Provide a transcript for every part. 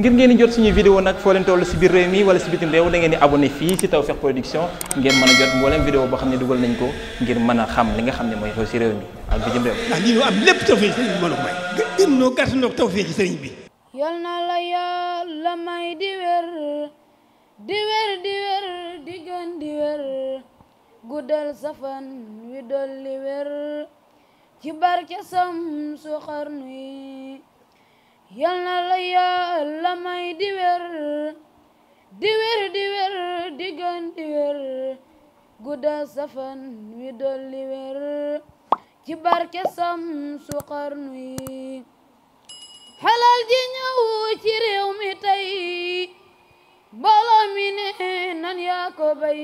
ngir ngeen di jot suñuy vidéo nag foo leen toll si biir réew mi wala si bitim réew da ngeen di abonné fii si Tawfekh Production ngeen mën a jot mboolem vidéo boo xam ne dugal nañ ko ngir mën a xam li nga xam ne mooy xew si réew mi ak bi mën a ko yal na la yàlla may di wér di wér di wér di gën di wér guddal sa fan wi dolli wér ci barke sam su xarnu yi yal na la yàlla may di wér di wér di wér gën di wér gudda safan wi dolli wér ci barke sam su yi xalal ji ñëw ci réew tey mbooloo ne nan yaa bay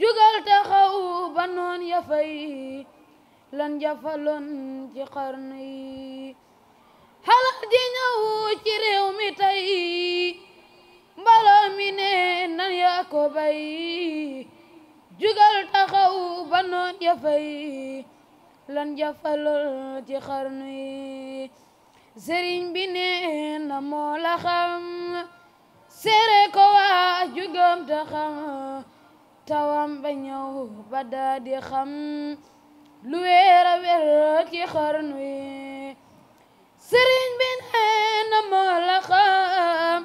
jugal taxaw ba noon ya lan jafaloon ci xarnu yi ba noon ya fay lan jafalool ci xarnu yi sëriñ bi nee na la xam sere ko waa jugam ta xam tawam ba ñëw ba lu weer a ci xarnu yi sëriñ bi nee na la xam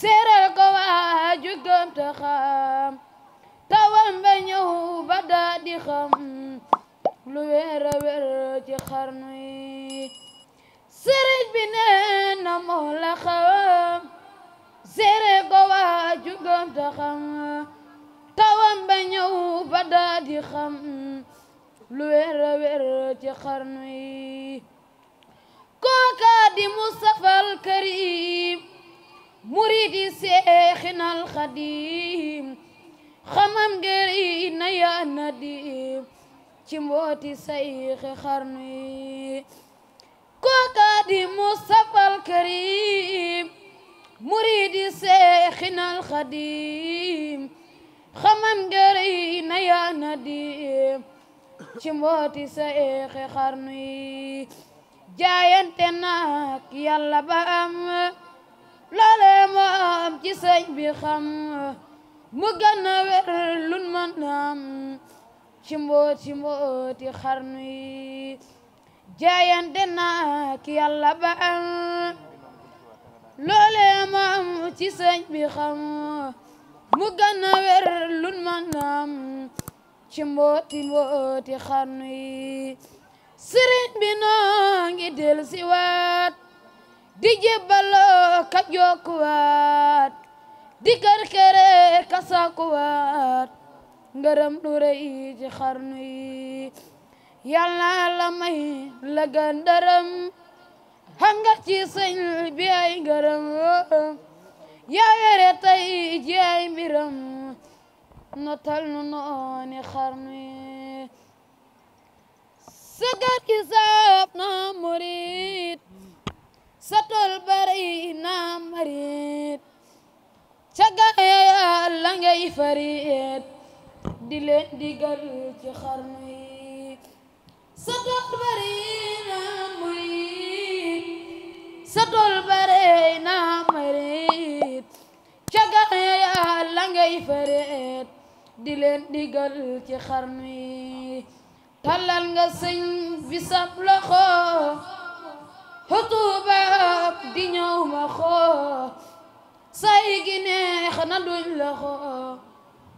sere ko waa jugam ta daa di xam lu a wér ci xarnu yi sëriñ bi nee ba ñëw ba daa di lu wér a wér ci xarnu yi kooka di Mustafa al Karim seexinal xadim xamam ngeri na yaan diib ci mbooti sayxi xarnu yi kooka di Mustafa al Karim muridi seexina al xadim xamam ngari na yaa na ci mbooti sayxi xarnu yi jaayante nak yàlla ba am loole moo am ci sëñ bi xam mu gën a lun mën am ci mbooti mbooti xarnu yi jaayante naa ki yàlla baal loolee maam ci sëñ bi xam mu gën a wér lu mën a am ci mbooti mbooti xarnu yi bi noo ngi del si di jébbaloo ka jokkuwaat di kër kere ka sakkuwaat ngërëm lu rëy ci xarnu yi yàlla la may la gën dërëm xam nga ci sëñ bi ay ngërëm yaa wéré tey ji ay mbiram notal nu nooni xarnu yi sëggat ki saab na murit sa tol bari na marit ca gaaya la ngay farit di leen digal ci xarnu yi sa tool bari na murit sa tool bari na murit ca gaay Yàlla ngay fareet di leen digal ci xarnu yi tallal nga sëñ bi sab loxo xutuba di ñëw ma xoo say gi neex na duñ la xoo